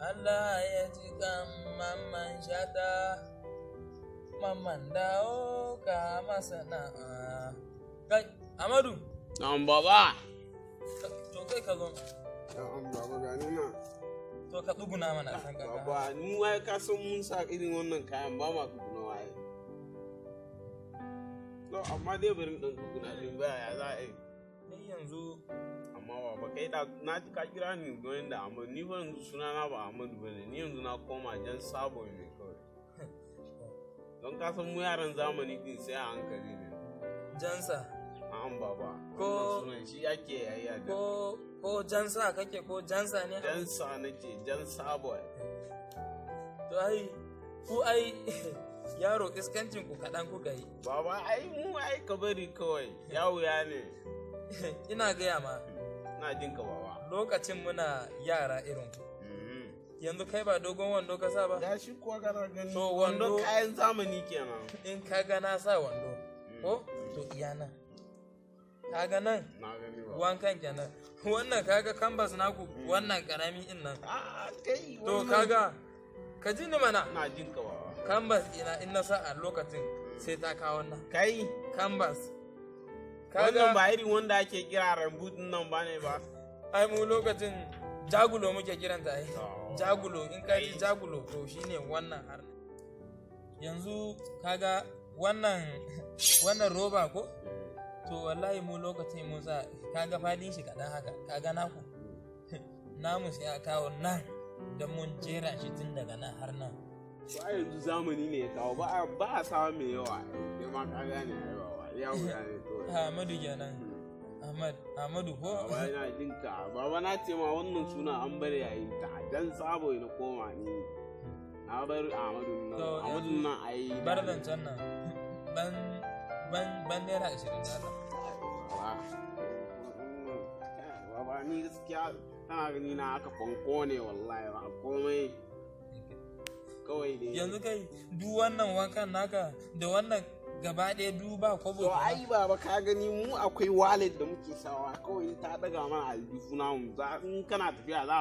Allah ya ji kan mamman shata, mamman dawo ka masana'a. Kai, Amadu! Na'am baba! To kai ka zo. Na'am baba gani na. To ka tsuguna mana kaka. Baba, ka san mun sa irin wannan kayan ba ma tsuguna waye. To amma dai bari dan tsuguna din ba ya za a yi. ni yanzu amma ba ba kai da na ka kira ni don da amma ni ba yanzu suna na ba Amadu ba ne ni yanzu na koma jan sabo ne kawai don ka san mu yaran zamani din sai a hankali ne jansa an baba ko sunan shi yake yayya ko ko jansa kake ko jansa ne jansa nake jan sabo to ai ku ai yaro iskancin ku kaɗan kuka yi. Baba ai mu ai kabari kawai, yawo ya ne. ina gaya ma na jin ka lokacin muna yara irin ku mm-hmm. yanzu kai ba dogon wando ka sa ba ya shi kuwa kana gani to wando kayan zamani kenan in ka ga na sa wando mm. ko to iya nan kaga nan wankan kenan wannan kaga canvas naku mm. wannan karami in nan ah, to kaga ka ji ni mana na jin ka canvas ina in na sa a lokacin mm. sai ta kawo nan kai canvas wannan ba irin wanda ake kira rambutun nan ba ne ba ai mu lokacin jagulo muke kiran ta ai oh. jagulo in ka ji jagulo to shine wannan har yanzu kaga wannan wannan roba ko to wallahi mu lokacin mun sa kaga fadin shi kaɗan haka kaga naku namu sai a kawo nan da mun jera shi tun daga nan har nan ba yanzu zamani ne ya kawo ba a samun mai yawa ne ma kaga ne yawa Ahmadu kenan. Ahmad, Ahmadu ko? Baba yana jin Baba na ce ma wannan suna an bar yayin ta. Dan sabo na koma ni. Na bar Ahmadu nan. Ahmadu nan ai. Bar nan. Ban ban ban da Baba ni gaskiya tana gani na aka fanko ne wallahi ba komai. Kawai dai. Yanzu kai duk wannan wakan naka da wannan gaba ɗaya duba kwabo to ai baba ka gani mu akwai wallet da muke sawa kawai ta daga mana aljihu mu in kana tafiya za